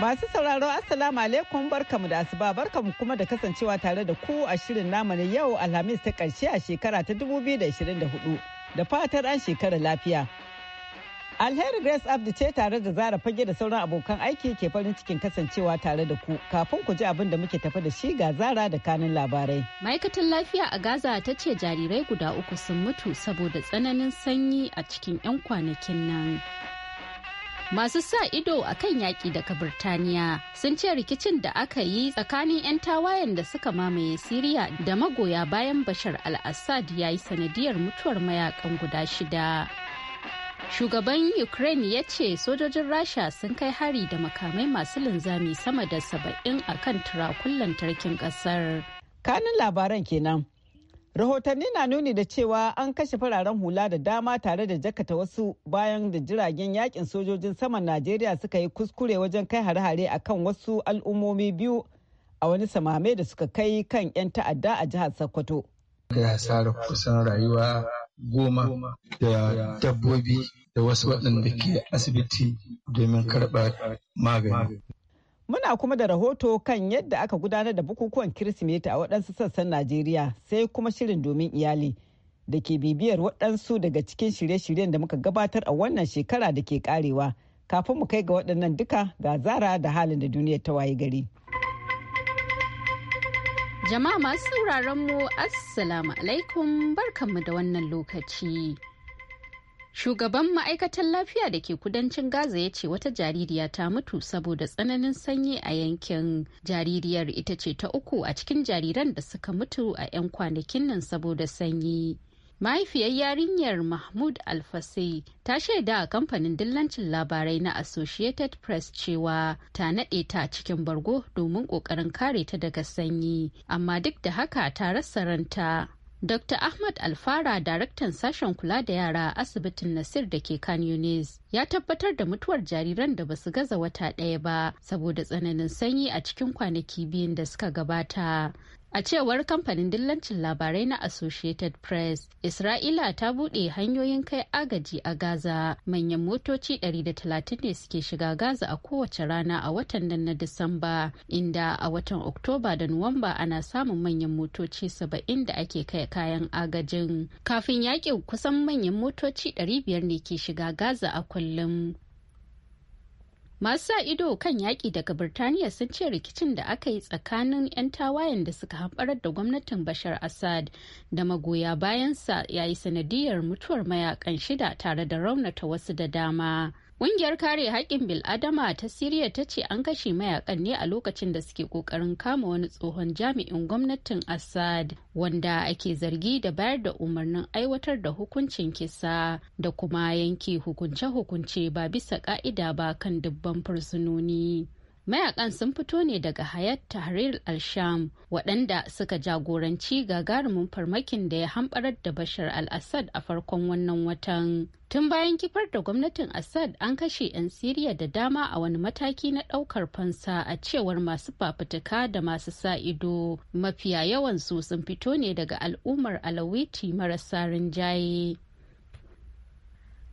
Masu sauraro Assalamu alaikum barkamu da asuba barkamu kuma da kasancewa tare da ku a shirin namu na yau Alhamis ta karshe a shekara ta 2024 da fatar an shekara lafiya. Alheri Grace Abdi ce tare da Zara Fage da sauran abokan aiki ke farin cikin kasancewa tare da ku kafin ku ji abin da muke tafi da shi ga Zara da kanin labarai. Ma'aikatan lafiya a Gaza ta ce jarirai guda uku sun mutu saboda tsananin sanyi a cikin 'yan kwanakin nan. masu sa ido a kan yaƙi daga birtaniya sun ce rikicin da aka yi tsakanin 'yan tawayen da suka mamaye siriya da magoya bayan bashar al-assad ya yi sanadiyar mutuwar mayakan guda shida shugaban ukraine ya ce sojojin rasha sun kai hari da makamai masu linzami sama da saba'in kan turakun lantarkin kasar kanin labaran kenan rahotanni na nuni da cewa an kashe fararen hula da dama tare da jakata wasu bayan da jiragen yakin sojojin saman najeriya suka yi kuskure wajen kai hare-hare a kan wasu al'ummomi biyu a wani samame da suka kai kan 'yan ta'adda a jihar sokoto hasarar kusan rayuwa goma da dabbobi da wasu waɗanda ke asibiti domin karɓar magani Muna kuma da rahoto kan yadda aka gudanar da bukukuwan Kirsimeti a waɗansu sassan Najeriya sai kuma shirin domin iyali da ke bibiyar waɗansu daga cikin shirye-shiryen da muka gabatar a wannan shekara da ke karewa. Kafin mu kai ga waɗannan duka ga zara da halin da duniyar ta waye gari. Jama'a masu sauraron mu Assalamu alaikum barkanmu da wannan lokaci. Shugaban ma'aikatan lafiya da ke kudancin Gaza ya ce wata jaririya ta mutu saboda tsananin sanyi a yankin. Jaririyar ita ce ta uku a cikin jariran da suka mutu a 'yan kwanakin nan saboda sanyi. Mahaifiyar yarinyar Mahmud Alfasai ta shaida a kamfanin dillancin labarai na Associated Press cewa ta naɗe ta cikin bargo domin ƙoƙarin kare ta daga sanyi, amma duk da haka ta rasa ranta. Dr. Ahmad Alfara, daraktan sashen kula da yara a asibitin Nasir da ke Khan ya tabbatar da mutuwar jariran da basu gaza wata ɗaya ba saboda tsananin sanyi a cikin kwanaki biyun da suka gabata. A cewar kamfanin dillancin labarai na Associated Press, Isra'ila ta buɗe hanyoyin kai agaji a Gaza. Manyan motoci 130 ne suke shiga Gaza a kowace rana a watan nan na Disamba, inda a watan Oktoba da Nuwamba ana samun manyan motoci 70 da ake kai kayan agajin. Kafin yaƙin kusan manyan motoci 500 ne ke shiga Gaza a kullum. masu sa ido kan yaƙi daga birtaniya sun ce rikicin da aka yi tsakanin 'yan tawayen da suka hamɓarar da gwamnatin bashar assad da magoya bayansa ya yi sanadiyar mutuwar mayakan shida tare da raunata wasu da dama Ƙungiyar kare haƙƙin bil'adama ta Siriya ta ce an kashe mayakan ne a lokacin da suke ƙoƙarin kama wani tsohon jami'in gwamnatin Assad wanda ake zargi da bayar da umarnin aiwatar da hukuncin kisa da kuma yanke hukunce-hukunce ba bisa ƙa'ida ba kan dubban fursunoni. mayakan sun fito ne daga hayat tahrir al-sham waɗanda suka jagoranci gagarumin farmakin da ya hamɓarar da bashar al-assad a farkon wannan watan tun bayan kifar da gwamnatin assad an kashe 'yan siriya da dama a wani mataki na ɗaukar fansa a cewar masu fafutuka da masu sa ido mafiya yawan su sun fito ne daga al'ummar alawiti marasa rinjaye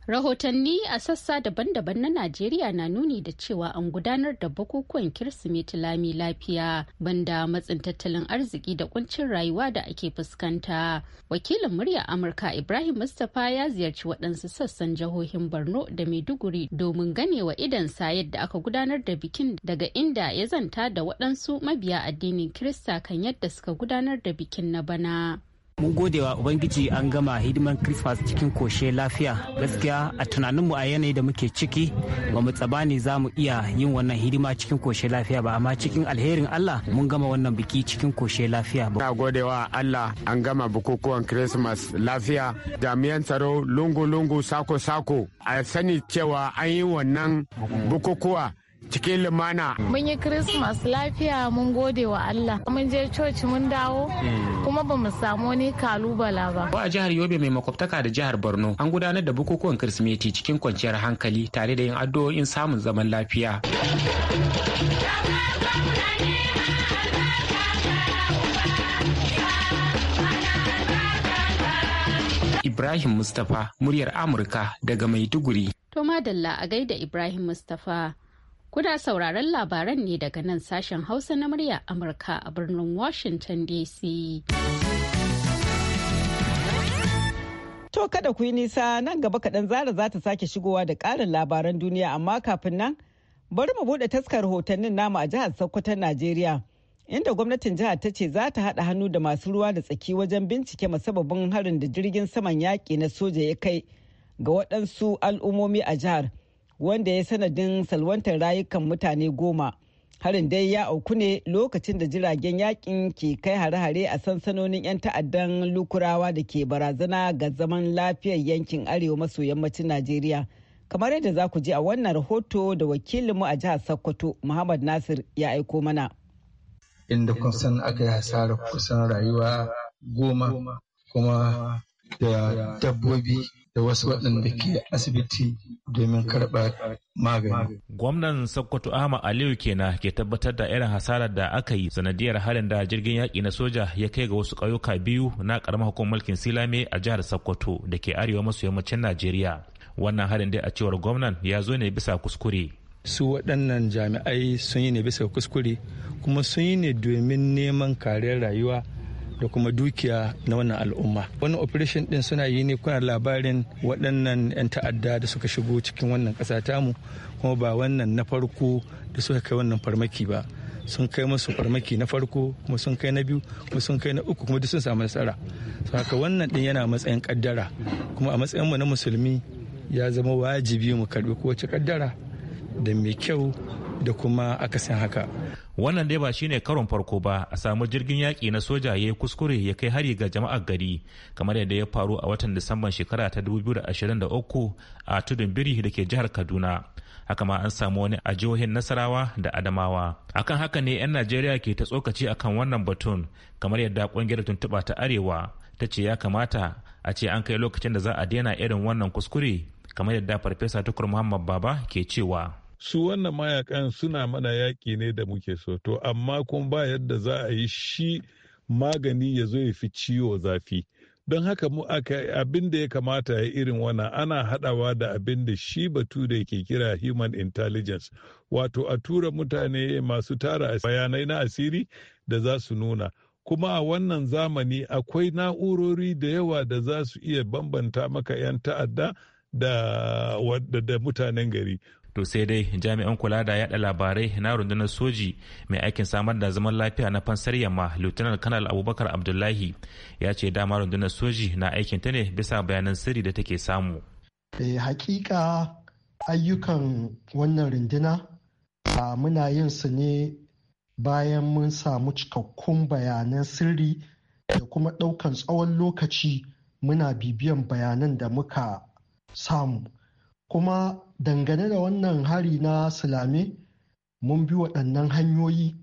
Rahotanni a sassa daban-daban na Najeriya na nuni da cewa an gudanar da bukukuwan Kirsimeti lami lafiya banda matsin tattalin arziki da kuncin rayuwa da ake fuskanta. Wakilin murya Amurka Ibrahim Mustapha ya ziyarci waɗansu sassan jihohin Borno da Maiduguri domin ganewa idansa yadda aka gudanar da bikin daga inda ya zanta da waɗansu mabiya addinin Kirista kan yadda suka gudanar da bikin na bana. Mun godewa Ubangiji an gama hidiman Christmas cikin koshe lafiya. Gaskiya a tunaninmu a yanayi da muke ciki ba mu tsabani za mu iya yin wannan hidima cikin koshe lafiya ba amma cikin alherin Allah mun gama wannan biki cikin koshe lafiya ba. Na gode Allah an gama bukukuwan Christmas lafiya. Jami'an tsaro lungu-lungu sako-sako a sani cewa an yi wannan bukukuwa cikin lumana. Mun yi Christmas lafiya mun gode wa Allah. Mun je coci mun dawo hmm. kuma ba mu samu wani kalubala ba. Ko a jihar Yobe mai makwabtaka da jihar Borno an gudanar da bukukuwan Kirsimeti cikin kwanciyar hankali tare da yin addu'o'in samun zaman lafiya. Ibrahim Mustapha muryar Amurka daga Maiduguri. To madalla a gaida Ibrahim Mustapha. Kuna sauraron labaran ne daga nan sashen Hausa na murya Amurka a birnin Washington DC. To kada ku yi nisa nan gaba kaɗan zara za ta sake shigowa da ƙarin labaran duniya amma kafin nan bari mu buɗe taskar hotannin namu a jihar Sokoto Najeriya. Inda gwamnatin jihar ta ce za ta haɗa hannu da masu ruwa da tsaki wajen bincike masababin harin da jirgin saman yaƙi na soja ya kai ga waɗansu al'ummomi a jihar. wanda ya sanadin salwantar rayukan mutane goma harin dai ya auku ne lokacin da jiragen yakin ke kai hare-hare a sansanonin 'yan ta'addan lukurawa da ke barazana ga zaman lafiyar yankin arewa maso yammacin najeriya kamar yadda za ku ji a wannan rahoto da wakilinmu a jihar sokoto muhammad nasir ya aiko mana inda kun san aka yi hasarar kusan rayuwa goma kuma da dabbobi da wasu waɗanda ke asibiti domin karɓar magani. Gwamnan Sokoto Ahmad Aliyu kenan ke tabbatar da irin hasarar da aka yi sanadiyar harin da jirgin yaƙi na soja ya kai ga wasu ƙauyuka biyu na ƙaramar hukumar mulkin Silame a jihar Sokoto da ke arewa maso yammacin Najeriya. Wannan harin dai a cewar gwamnan ya zo ne bisa kuskure. Su waɗannan jami'ai sun yi ne bisa kuskure kuma sun yi ne domin neman kariyar rayuwa da kuma dukiya na wannan al'umma wannan operation din suna yi ne kuna labarin waɗannan 'yan ta'adda da suka shigo cikin wannan ƙasa tamu kuma ba wannan na farko da suka kai wannan farmaki ba sun kai musu farmaki na farko kuma sun kai na biyu kuma sun kai na uku kuma duk sun samu nasara so haka wannan din yana matsayin kaddara kuma a matsayin mu na musulmi ya zama wajibi mu karbi kowace kaddara da mai kyau da kuma akasin haka wannan dai ba shine karon farko ba a samu jirgin yaƙi na soja ya yi kuskure ya kai hari ga jama'ar gari kamar yadda ya faru a watan disamban shekara ta 2023 a tudun biri da ke jihar kaduna haka ma an samu wani a jihohin nasarawa da adamawa akan haka ne 'yan najeriya ke ta tsokaci akan wannan batun kamar yadda kungiyar tuntuɓa ta arewa ta ce ya kamata a ce an kai lokacin da za a daina irin wannan kuskure kamar yadda farfesa tukur muhammad baba ke cewa su wannan mayakan suna mana yaƙi ne da muke so to amma kun ba yadda za a yi shi magani ya zo ya fi ciwo zafi don haka mu aka abin da ya kamata ya irin wannan ana hadawa da abin da shi batu da ke kira human intelligence wato a tura mutane masu tara bayanai na asiri da za su nuna kuma a wannan zamani akwai na'urori da yawa da za su iya bambanta maka 'yan ta'adda da mutanen gari to sai dai jami'an kula da yada labarai na rundunar soji mai aikin samar da zaman lafiya na fansar yamma lieutenant kanal abubakar abdullahi ya ce dama rundunar soji na aikin ta ne bisa bayanan sirri da take samu eh, hakika ayyukan wannan runduna muna yin su ne bayan mun samu cikakkun bayanan sirri da kuma ɗaukan tsawon lokaci muna bibiyan bayanan da muka samu kuma dangane da wannan hari na silame mun bi waɗannan hanyoyi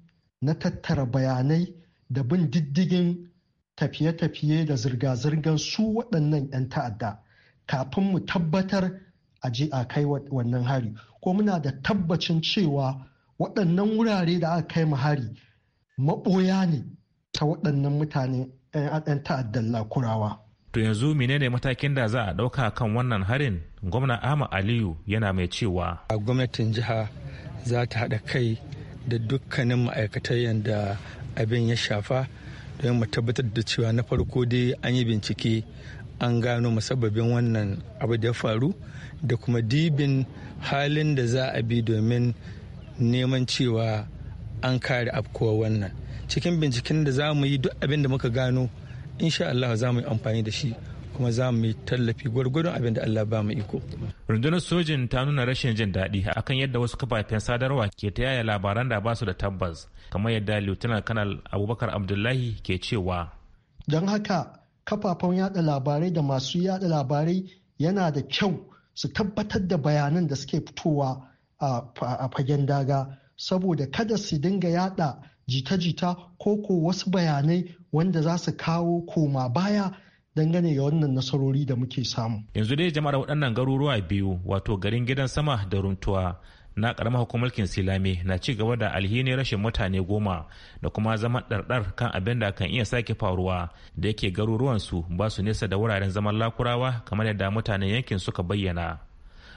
na tattara bayanai da bin diddigin tafiye-tafiye da zirga-zirgar su waɗannan 'yan ta'adda kafin mu tabbatar a je a kai wannan hari ko muna da tabbacin cewa waɗannan wurare da aka kai mu hari maɓoya ne ta waɗannan mutane 'yan ta'addan lakurawa. To yanzu menene matakin da za a ɗauka kan wannan harin? gwamna ahmad aliyu yana mai cewa gwamnatin jiha za ta haɗa kai da dukkanin ma'aikatar yadda abin ya shafa don mu tabbatar da cewa na farko dai an yi bincike an gano musabbabin wannan abu da ya faru da kuma dibin halin da za a bi domin neman cewa an kare afkuwa wannan cikin binciken da za mu yi duk abin da muka gano insha Allah za mu yi amfani da shi kuma za mu yi tallafi gwargwadon abin da Allah ba mu iko. Rundunar sojin ta nuna rashin jin daɗi akan yadda wasu kafafen sadarwa ke ta yaya labaran da ba su da tabbas kamar yadda Lieutenant Kanal Abubakar Abdullahi ke cewa. Don haka kafafen yada labarai da masu yada labarai yana da kyau su tabbatar da bayanan da suke fitowa a fagen daga saboda kada su dinga yada jita-jita ko ko wasu bayanai wanda za su kawo koma baya dangane ga wannan nasarori da muke samu. Yanzu dai jama'ar waɗannan garuruwa biyu wato garin gidan sama da runtuwa na ƙaramar hukumulkin silame na ci gaba da alhini rashin mutane goma da kuma zaman ɗarɗar kan abin da kan iya sake faruwa da yake garuruwansu ba su nesa da wuraren zaman lakurawa kamar yadda mutanen yankin suka bayyana.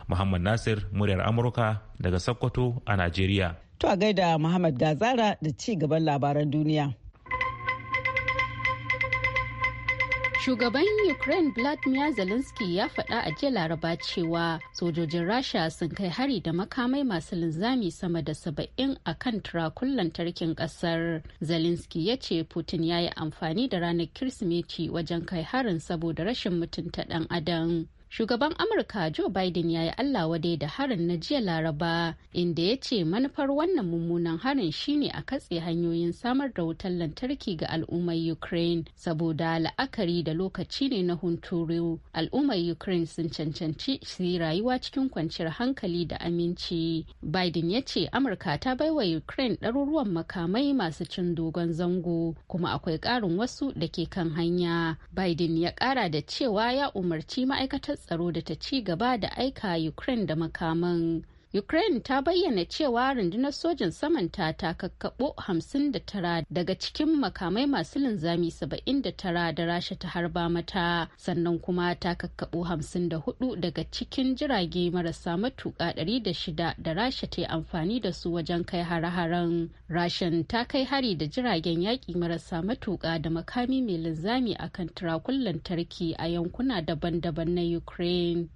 Muhammad Nasir, muryar Amurka daga Sokoto a Najeriya. To a gaida Muhammad Gazara da ci gaban labaran duniya. Shugaban Ukraine Vladimir Zelensky ya faɗa a jiya Laraba cewa sojojin Rasha sun kai hari da makamai masu linzami sama da saba'in a kan turakun lantarkin ƙasar. Zelensky ya ce Putin ya yi amfani da ranar Kirsimeti wajen kai harin saboda rashin mutunta ɗan adam. shugaban amurka joe biden ya yi allah wadai da harin na jiya laraba inda ya ce manufar wannan mummunan harin shine a katse hanyoyin samar da wutar lantarki ga al'ummar ukraine saboda la'akari da lokaci ne na hunturu al'ummar ukraine sun cancanci su yi rayuwa cikin kwanciyar hankali da aminci biden ya ce amurka ta baiwa ukraine ɗaruruwan makamai masu cin dogon zango kuma akwai ƙarin wasu da ke kan hanya biden ya ƙara da cewa ya umarci ma'aikatar tsaro da ta ci gaba da aika Ukraine da makaman Ukraine ta bayyana cewa rundunar sojin saman ta kakkaɓo 59 daga cikin makamai masu linzami 79 da rasha ta harba mata sannan kuma ta kakkaɓo 54 daga cikin jirage marasa matuƙa 106 da rasha ta yi amfani da su wajen kai hare-haren. Rashin ta kai hari da jiragen yaƙi marasa matuƙa da makami mai linzami akan turakun lantarki a yankuna daban-daban na Ukraine.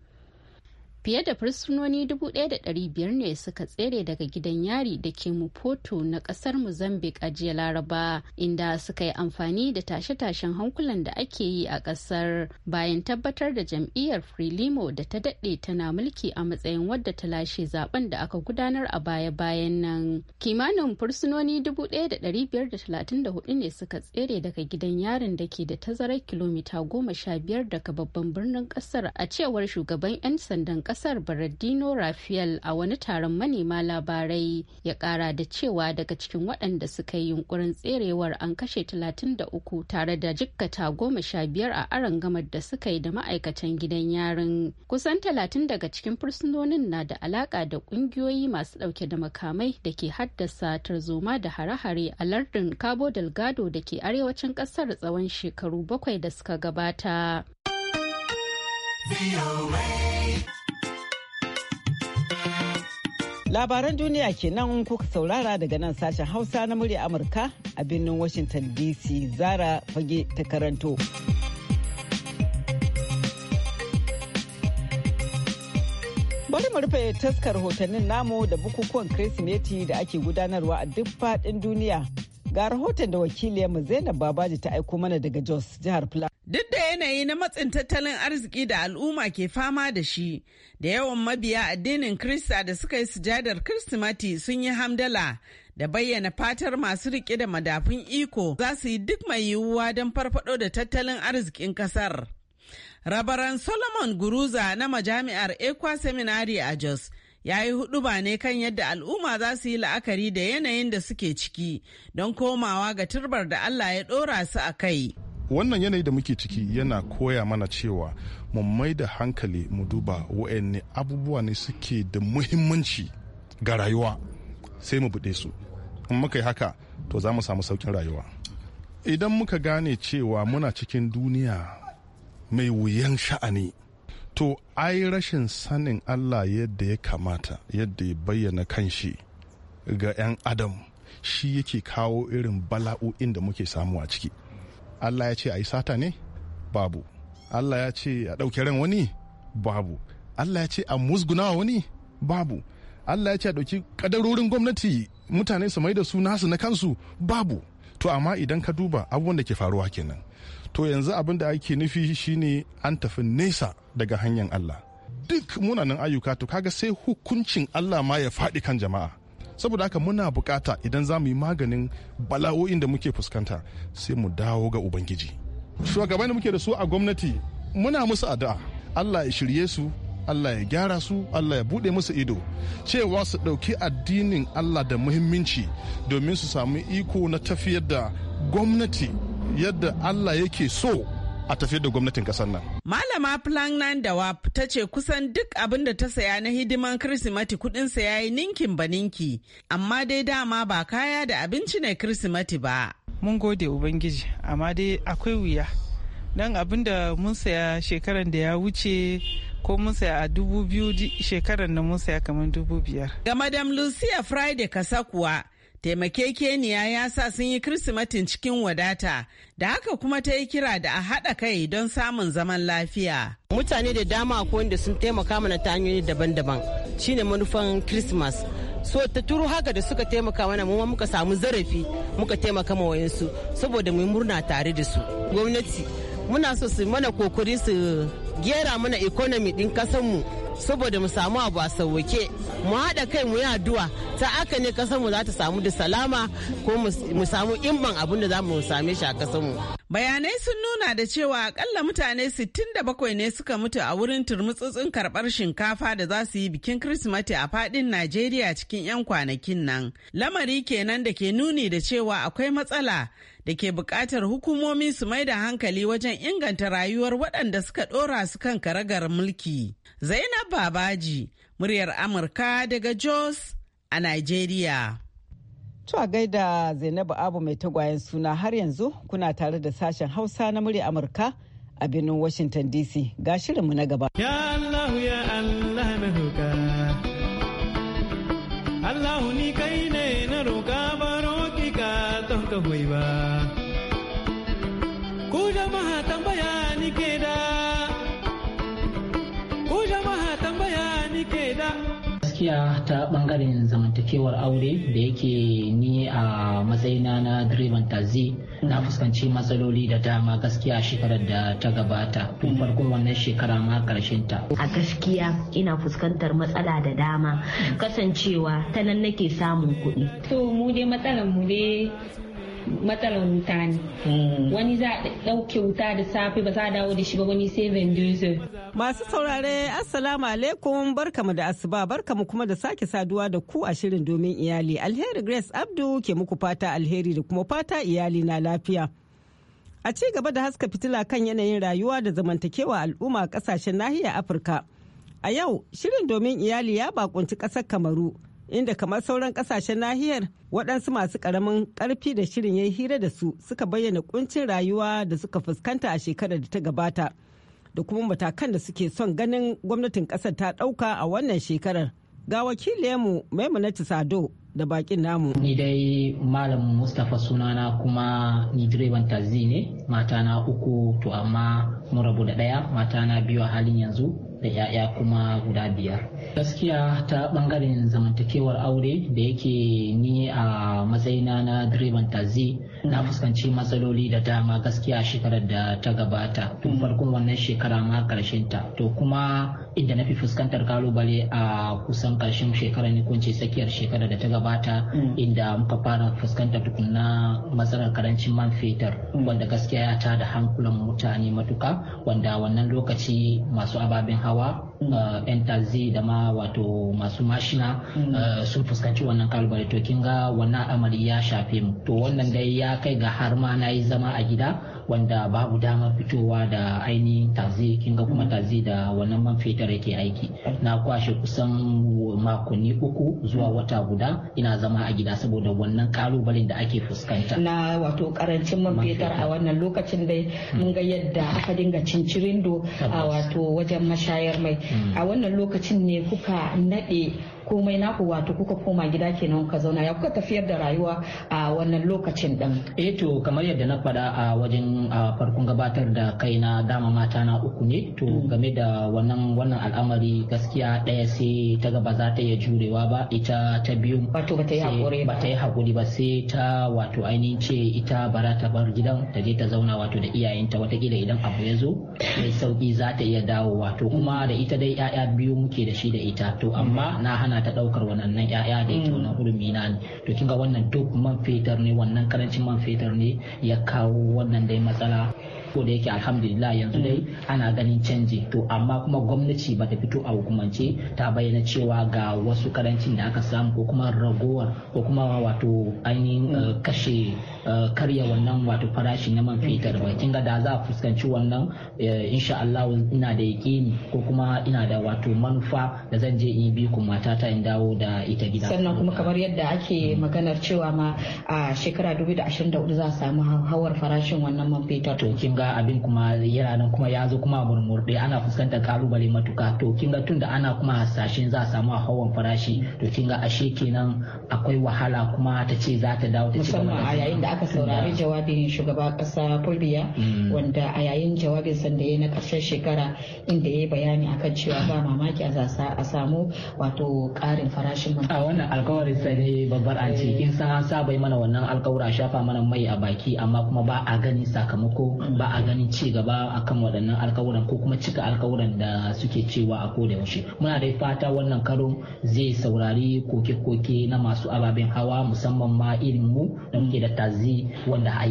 fiye da fursunoni 1,500 ne suka tsere daga gidan yari da ke mupoto na kasar mozambique a jiya laraba inda suka yi amfani da tashe-tashen hankulan da ake yi a kasar bayan tabbatar da jam'iyyar frelimo da ta daɗe tana mulki a matsayin wadda ta lashe zaben da aka gudanar a baya-bayan nan kimanin fursunoni 1,534 ne suka tsere daga gidan yarin da ke da tazarar kilomita 15 daga babban birnin kasar a cewar shugaban 'yan sandan kasar Baradino Rafael a wani taron manema labarai ya kara da cewa daga cikin waɗanda suka yi yunkurin tserewar an kashe 33 tare da jikkata goma sha biyar a aron gamar da suka yi da ma'aikatan gidan yarin. Kusan 30 daga cikin fursunonin na da alaƙa da ƙungiyoyi masu ɗauke da makamai da ke haddasa tarzoma da hare-hare a lardin Cabo Delgado da ke arewacin ƙasar tsawon shekaru bakwai da suka gabata. Labaran duniya kenan kuka saurara daga nan sashen Hausa na murya Amurka a birnin Washington DC Zara fage ta karanto. Bari mu rufe taskar hotannin namu da bukukuwan Kirsimeti da ake gudanarwa a duk faɗin duniya Ga rahoton da wakiliyarmu Zainab Babaji ta aiko mana daga Jos, jihar Plateau. Duk da yanayi na matsin tattalin arziki da al'umma ke fama da shi, da yawan mabiya addinin Kirista da suka yi sujadar Kirsimati sun yi hamdala da bayyana fatar masu rike da madafun iko za su yi duk mai yiwuwa don farfado da tattalin arzikin kasar. Rabaran Solomon Guruza na majami'ar Ekwa Seminary a Jos ya yi huduba ne kan yadda al'umma za su yi la'akari da yanayin da suke ciki don komawa ga turbar da Allah ya ɗora su a kai. Wannan yanayi da muke ciki yana koya mana cewa mu mai da hankali mu duba wa'anne abubuwa ne suke da muhimmanci ga rayuwa sai mu buɗe su. In muka yi haka to za mu samu saukin rayuwa. Idan muka gane cewa muna cikin duniya mai wuyan sha'ani to ai rashin sanin allah yadda ya kamata yadda ya bayyana kanshi ga 'yan adam shi yake kawo irin bala'o'in da muke samu a ciki allah ya ce a yi sata ne babu allah ya ce a ɗauke ran wani babu allah ya ce a musgunawa wani babu allah ya ce a ɗauki ƙadarorin gwamnati mutane su mai da su nasu na kansu babu to amma idan ka duba abubuwan da ke faruwa kenan to yanzu abin da ake nufi shine an tafi nesa daga hanyar Allah duk munanan ayyuka to kaga sai hukuncin Allah ma ya faɗi kan jama'a saboda haka muna bukata idan za mu yi maganin bala'o'in da muke fuskanta sai mu dawo ga ubangiji shugaban da muke da su a gwamnati muna musu addu'a Allah ya shirye su Allah ya gyara su Allah ya buɗe musu ido cewa su ɗauki addinin Allah da muhimmanci domin su samu iko na tafiyar da gwamnati yadda Allah yake so a tafiyar da gwamnatin kasar nan. Malama da WAP ta ce kusan duk abin da ta saya na hidiman Kirsimati kudin sa yayi ninkin ba ninki, amma dai dama ba kaya da abinci ne Kirsimati ba. Mun gode Ubangiji, amma dai akwai wuya. Don abin da mun saya shekaran da ya wuce ko mun saya a dubu biyu shekaran da mun saya kamar dubu biyar. Ga Madam Lucia Friday Kasa kuwa taimakekeniya ya sa sun yi kirsimatin cikin wadata da haka kuma ta yi kira da a haɗa kai don samun zaman lafiya. Mutane da dama ko wanda sun taimaka mana ta hanyoyi daban-daban shine manufan Christmas. so ta turu haka da suka taimaka mana mu muka samu zarafi muka taimaka ma wayansu saboda mu murna tare da su gwamnati muna so su mana kokari su gera mana economy din kasan mu saboda mu samu abu a sauwake mu haɗa kai mu yi addu'a ta aka ne kasar mu za ta samu da salama ko mu samu imban abin da za mu same shi a kasar mu bayanai sun nuna da cewa akalla mutane 67 ne suka mutu a wurin turmutsutsun karbar shinkafa da za su yi bikin kirsimati a fadin najeriya cikin 'yan kwanakin nan lamari kenan da ke nuni da cewa akwai matsala da ke bukatar hukumomi su mai da hankali wajen inganta rayuwar waɗanda suka ɗora su kan karagar mulki Zainab Babaji, muryar Amurka daga Jos a Nigeria. To a gaida Zainabu Abu mai tagwayen suna har yanzu kuna tare da sashen Hausa na muryar Amurka a birnin Washington DC ga shirinmu na gaba. Ya Allah ya Allah na roka. Allah ni kai ne na roka ba roƙi ka ton ka ba. Ku jama'a tambaya ni ke da gaskiya ta bangaren zamantakewar aure da yake ni a matsayina na direban tazi na fuskanci matsaloli da dama gaskiya shekarar da ta gabata tun farkon wannan shekara ma karshen ta a gaskiya ina fuskantar matsala da dama kasancewa ta nan nake samun kuɗi to mu dai matsalar mu dai matsalar ne hmm. wani za a ɗauke wuta da safe ba za a dawo da shi ba wani sai vendizor masu saurare assalamu alaikum barkamu da asuba barkamu kuma da sake saduwa da ku a shirin domin iyali alheri grace abdu ke muku fata alheri da kuma fata iyali na lafiya a ci gaba da haska fitila kan yanayin rayuwa da zamantakewa al'umma a kasashen nahiyar afirka a yau shirin domin iyali ya bakunci kasar kamaru inda kamar sauran kasashen nahiyar waɗansu masu ƙaramin ƙarfi da shirin ya yi hira da su suka bayyana kuncin rayuwa da suka fuskanta a shekarar da ta gabata da kuma matakan da suke son ganin gwamnatin ƙasar ta ɗauka a wannan shekarar ga wakilinmu maimunatu sado da bakin namu. Ni dai Malam Mustapha sunana kuma ni direban tazi ne, mata na uku to amma mun rabu da ɗaya, mata na biyu a halin yanzu. da 'ya'ya kuma guda biyar gaskiya ta bangaren zamantakewar aure da yake ni a matsayina na direban tazi na fuskanci matsaloli da dama gaskiya shekarar da ta gabata tun farkon wannan shekara ma karshen ta to kuma inda na fi fuskantar kalubale a kusan karshen shekara ne kunce tsakiyar shekarar da ta gabata inda muka fara fuskantar tukunna matsalar karancin man fetur wanda gaskiya ya ta da hankulan mutane matuka wanda wannan lokaci masu ababen hawa hawa yan mm. eh, tazi da ma wato masu mashina mm. eh, sun fuskanci wannan kalubale to kin ga wannan al'amari ya shafe mu to wannan dai ya kai ga har ma na yi zama a gida wanda babu damar fitowa da ainihin tazi kin ga kuma tazi da wannan man fetur yake aiki na kwashe kusan makonni uku zuwa wata guda ina zama a gida saboda wannan kalubalen da ake fuskanta na wato karancin man fetur a wannan lokacin dai hmm. mun ga yadda aka dinga cincirindo a wato wajen mashayar mai hmm. a wannan lokacin ne kuka nade komai naku wato kuka koma gida kenan kuka zauna ya kuka tafiyar da rayuwa a wannan lokacin din eh to kamar yadda na faɗa a wajen farkon gabatar da kai na dama mata na uku ne to mm. game da wannan wannan al'amari gaskiya ɗaya sai ta gaba za ta iya jurewa ba ita ta biyu wato ba ta yi hakuri ba ta yi hakuri ba sai ta wato ainihin ce ita bara ta bar gidan ta je ta zauna wato da iyayenta watakila idan abu ya zo mai sauki za ta iya dawo wato kuma mm. da ita dai 'ya'ya biyu muke da shi da ita to amma mm. na hana ana ta ɗaukar wannan yaya da yake wannan hurumi na ne to kinga wannan duk man fetur ne wannan karancin man fetur ne ya kawo wannan dai matsala ko da yake alhamdulillah yanzu dai mm. ana ganin canji to amma kuma gwamnati ba ta fito a hukumance ta bayyana cewa ga wasu karancin da aka samu ko kuma ragowar ko kuma wato ainihin mm. eh, kashe eh, karya wannan wato farashi na man fetur ba mm. kinga da za a fuskanci wannan eh, insha Allah ina da yakini ko kuma ina da wato manufa da zan je in bi kuma matata in dawo da ita gida sannan kuma kamar yadda ake maganar cewa ma a shekara 2024 za a samu hawar farashin wannan man fetur to kinga ga abin kuma yana nan kuma ya zo kuma murmurde ana fuskantar kalubale matuka to kin ga tunda ana kuma hasashen za a samu a hawan farashi to kin ga ashe kenan akwai wahala kuma ta ce za ta dawo ta ci musamman a yayin da aka saurari mm. jawabin shugaba kasa Fulbiya mm. wanda a yayin jawabin da yayi na karshen shekara inda ya yi bayani akan cewa ba mamaki a samu wato karin farashin man a wannan alkawarin sa ne babbar an ce eh. kin san an saba mana wannan alkawura shafa mana mai a baki amma kuma ba a gani sakamako ba a ganin ci gaba akan waɗannan alkawuran ko kuma cika alkawuran da suke cewa a koda yaushe muna dai fata wannan karo zai saurari koke-koke na masu ababen hawa musamman ma irin mu da muke da tazi wanda har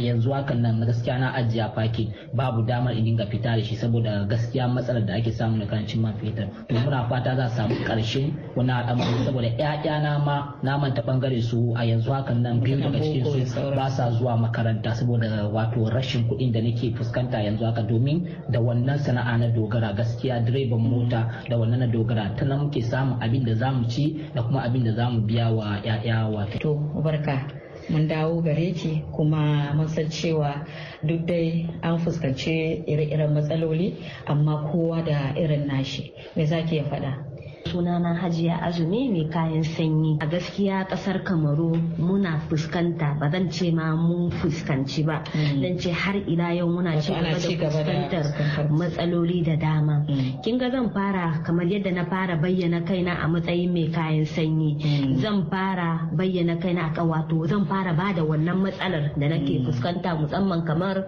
yanzu hakan nan gaskiya na ajiya fakin babu damar in dinga fita da shi saboda gaskiya matsalar da ake samu na karancin man fetur to muna fata za samu karshen wani al'amari saboda na ma na manta bangare su a yanzu hakan nan biyu daga cikin su ba sa zuwa makaranta saboda wato rashin kuɗin matsalolin da nake fuskanta yanzu haka domin da wannan sana'a na dogara gaskiya direban mota da wannan na dogara ta nan muke samun abin da zamu ci da kuma abin da zamu biya wa 'ya'ya wato. To barka mun dawo gare ki kuma mun san cewa duk dai an fuskanci ire-iren matsaloli amma kowa da irin nashi me zaki ya faɗa? sunana hajiya azumi mai kayan sanyi a gaskiya kasar kamaru muna fuskanta ba zan ce ma mun fuskanci ba dan mm. ce har ila yau muna ci gaba da fuskantar matsaloli da dama mm. kin ga zan fara kamar yadda na fara bayyana kaina a matsayin mai kayan sanyi mm. zan fara bayyana kaina a wato zan fara ba da wannan matsalar da nake fuskanta musamman kamar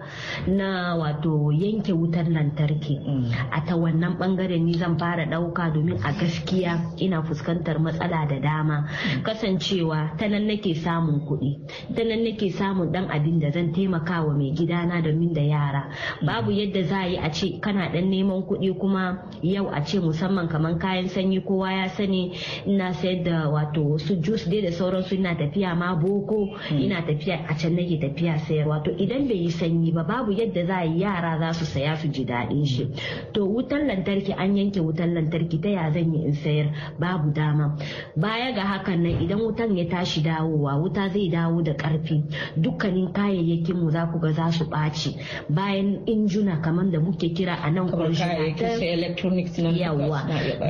na wato yanke wutar lantarki a ta wannan bangare ni zan fara dauka domin a gaskiya gaskiya ina fuskantar matsala da dama kasancewa ta nan nake samun kuɗi ta nan nake samun dan abin da zan taimaka wa mai gidana domin da yara babu yadda za a yi a ce kana dan neman kuɗi kuma yau a ce musamman kamar kayan sanyi kowa ya sani ina sayar da wato su juice dai da sauransu ina tafiya ma boko ina tafiya a can nake tafiya sayar wato idan bai yi sanyi ba babu yadda za a yi yara za su saya su ji daɗin shi to wutan lantarki an yanke wutan lantarki ta ya zan yi in sayar babu dama baya ga hakan nan idan wutan ya tashi dawowa wuta zai dawo da karfi dukkanin kayayyakin mu za ku ga za su ɓaci bayan injuna kamar da muke kira a nan yawa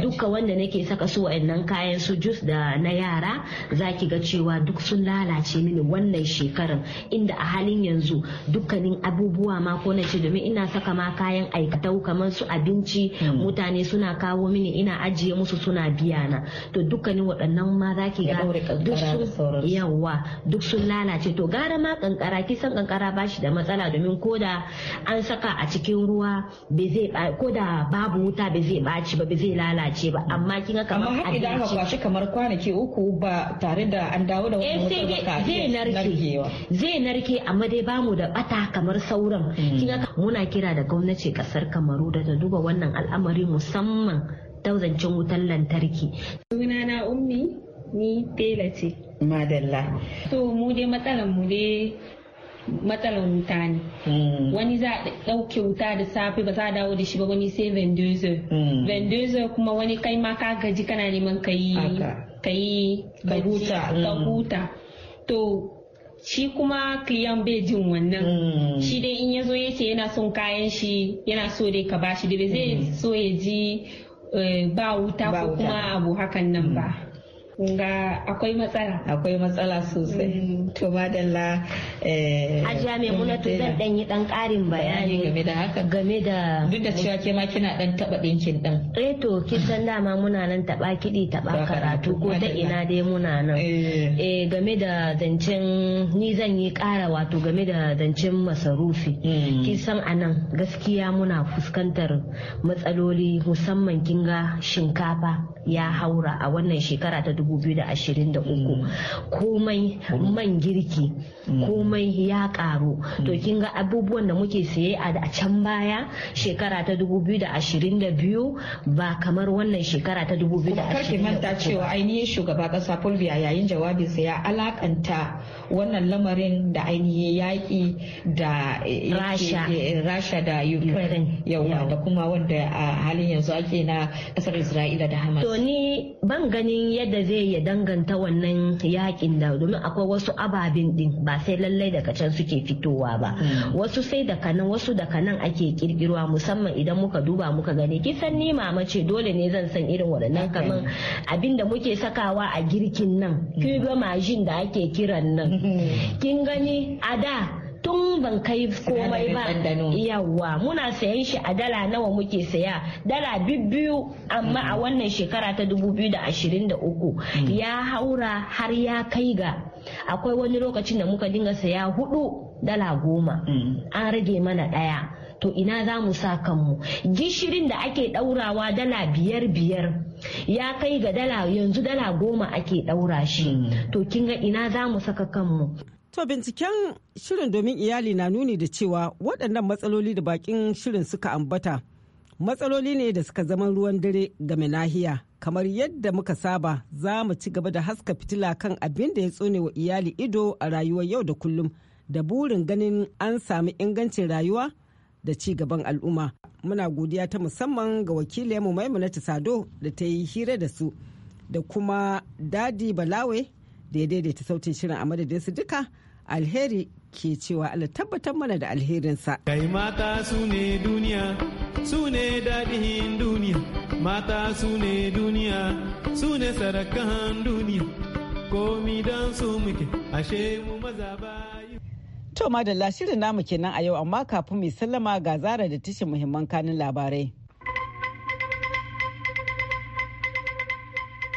duka wanda nake saka su wa'annan kayan su jus da na yara za ki ga cewa duk sun lalace mini wannan shekarar inda a halin yanzu dukkanin abubuwa ma ko na ce domin ina saka ma kayan aikatau kamar su abinci hmm. mutane suna kawo mini ina ajiye musu suna biya na to dukkanin waɗannan ma za ki ga duk sun yawa duk sun lalace to gara ma kankara kisan kankara ba shi da matsala domin koda an saka a cikin ruwa be zai koda babu wuta be zai baci ba be zai lalace ba amma kin ga kamar amma idan aka kwashi kamar kwanaki uku ba tare da an dawo da eh, wannan wutar zai narke zai narke amma dai bamu da bata kamar sauran kin ga hmm. muna kira da gwamnati kasar Kamaru da ta duba wannan al'amari musamman zancen wutan lantarki. na ummi ni tela ce. Madalla. To mu dai matsalar mu dai matsalar wuta ne. Hmm. Wani za a ɗauke wuta da safe ba za a dawo da shi ba wani sai vendozer. Hmm. Vendozer kuma wani kai ma ka gaji kana neman ka yi ka yi ka hmm. huta. To shi kuma kliyan bai jin wannan shi dai in ya zo ya ce yana son kayan shi yana so dai ka bashi dai zai so ya ji Eh, ba wuta ko kuma abu hakan nan ba ga akwai matsala akwai matsala sosai mm. to madalla a jami'a muna to zan dan yi dan karin bayani game da haka game da duk da cewa ke ma kina dan taba dinkin dan eh to kin san dama muna nan taba kidi taba karatu ko ta ina dai muna nan eh. eh game da zancen ni zan yi kara wato game da zancen masarufi mm. kin san anan gaskiya muna fuskantar matsaloli musamman kinga shinkafa ya haura a wannan shekara ta 2023 mm. komai man girki mm. komai ya karu mm. to kin ga abubuwan da muke saye a can baya shekara ta 2022 ba kamar wannan shekara ta 2023 kake manta cewa ainihin shugaba kasa fulbiya yayin jawabinsa ya alakanta wannan lamarin da ainihin yaƙi da eh, rasha da ukraine yawa da kuma wanda a halin yanzu ake na kasar isra'ila da hamas doni ni ban ganin yadda zai ya danganta wannan yakin da domin akwai wasu ababen din ba sai lallai daga can suke fitowa ba hmm. wasu sai daga nan wasu daga nan ake kirkirwa musamman idan muka duba muka gani kisan ni mama ce dole ne zan san irin waɗannan kaman abin da muke sakawa a girkin nan kiga ga hmm. majin da ake kiran nan hmm. kin gani a da tun ban kai komai ba yawa muna sayan shi a dala nawa muke saya dala biyu amma a mm-hmm. wannan shekara ta 2023 mm. ya haura har ya kai ga akwai wani lokacin da muka dinga saya hudu dala goma mm. an rage mana daya to ina za mu sa kanmu gishirin da ake daurawa dala biyar biyar ya kai ga dala yanzu dala goma ake daura shi mm. to kin ga ina za mu saka kanmu To binciken shirin domin iyali na nuni da cewa waɗannan matsaloli da bakin shirin suka ambata matsaloli ne da suka zama ruwan dare game nahiya kamar yadda muka saba za mu ci gaba da haska fitila kan abin da ya tsone wa iyali ido a rayuwar yau da kullum da burin ganin an sami ingancin rayuwa da ci gaban al'umma. Muna godiya ta musamman ga Wakilai wakilinmu Maimunatu Sado da ta yi hira da su da kuma Dadi Balawe da ya daidaita sautin shirin a su duka alheri ke cewa Allah tabbatar mana da alherinsa. Kai mata su ne duniya, su ne daɗin duniya, mata su ne duniya, su ne sarakan duniya, komi don su muke, ashe mu maza ba To madalla shirin namu kenan a yau amma kafin mai sallama ga zara da tishin muhimman kanin labarai.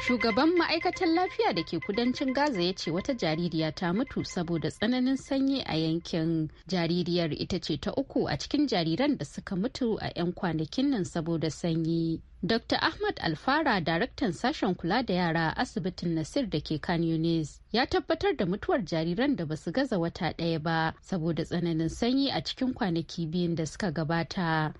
shugaban ma'aikatan lafiya da ke kudancin gaza ya ce wata jaririya ta mutu saboda tsananin sanyi a yankin jaririyar ita ce ta uku a cikin jariran da suka mutu a 'yan kwanakin nan saboda sanyi Dr. Ahmad Alfara, daraktan sashen kula da yara a asibitin Nasir da ke Khan ya tabbatar da mutuwar jariran da basu gaza wata ɗaya ba saboda tsananin sanyi a cikin kwanaki biyun da suka gabata.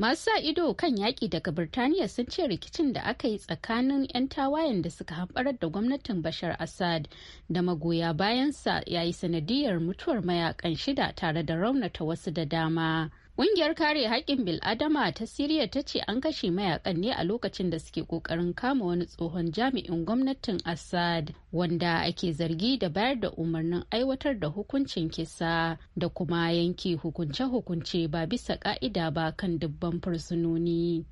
masu sa ido kan yaƙi daga birtaniya sun ce rikicin da aka yi tsakanin 'yan tawayen da suka hamɓarar da gwamnatin bashar assad da magoya bayansa ya yi sanadiyar mutuwar mayakan shida tare da raunata wasu da dama Ƙungiyar kare haƙƙin bil'adama ta Siriya ta ce an kashe mayakan ne a lokacin da suke ƙoƙarin kama wani tsohon jami'in gwamnatin Assad wanda ake zargi da bayar da umarnin aiwatar da hukuncin kisa da kuma yanke hukunce-hukunce ba bisa ƙa'ida ba kan dubban fursunoni.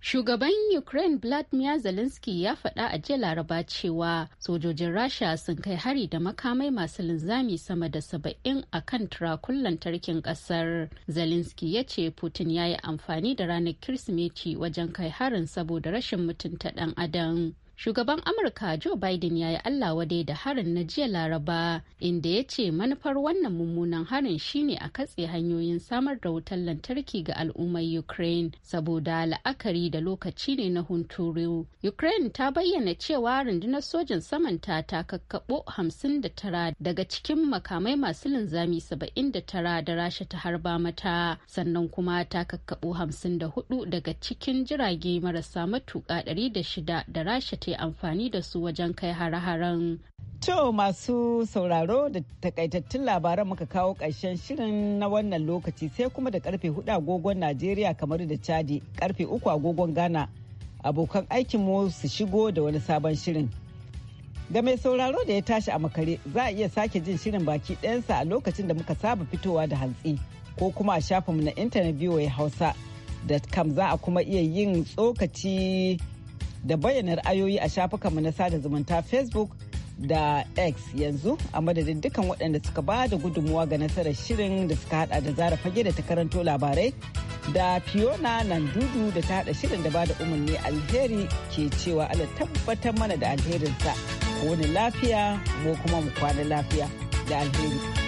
Shugaban Ukraine Vladimir Zelensky ya faɗa a jiya Laraba cewa sojojin Rasha sun kai hari da makamai masu linzami sama da saba'in a kan turakun lantarkin ƙasar. Zelensky ya ce Putin ya yi amfani da ranar Kirsimeti wajen kai harin saboda rashin mutunta ɗan adam. shugaban amurka joe biden ya yi allah wadai da harin na jiya laraba inda ya ce manufar wannan mummunan harin shine a katse hanyoyin samar da wutar lantarki ga al'ummar ukraine saboda la'akari da lokaci ne na hunturu ukraine ta bayyana cewa rundunar sojin samanta ta kakkaɓo 59 daga cikin makamai masu linzami 79 da rasha ta harba mata sannan kuma ta kakkaɓo 54 daga cikin jirage marasa matuƙa 106 da rasha ta ke amfani da su wajen kai hare-haren. To masu sauraro da takaitattun labaran muka kawo karshen shirin na wannan lokaci sai kuma da karfe hudu agogon Najeriya kamar da Chadi karfe uku agogon Ghana abokan aikinmu su shigo da wani sabon shirin. Ga mai sauraro da ya tashi a makare za a iya sake jin shirin baki ɗayansa a lokacin da muka saba fitowa da hantsi ko kuma a shafinmu na intanet voa hausa.com za a kuma iya yin tsokaci da bayyanar ayoyi a shafukan mu na sada zumunta facebook da x yanzu a madadin dukkan waɗanda suka ba da gudunmuwa ga nasarar shirin da suka hada da zara fage da ta karanto labarai da fiona nandudu da ta hada shirin da ba da umarni alheri ke cewa ala tabbatar mana da alherinsa ko wani lafiya mu kuma mu kwana lafiya da alheri.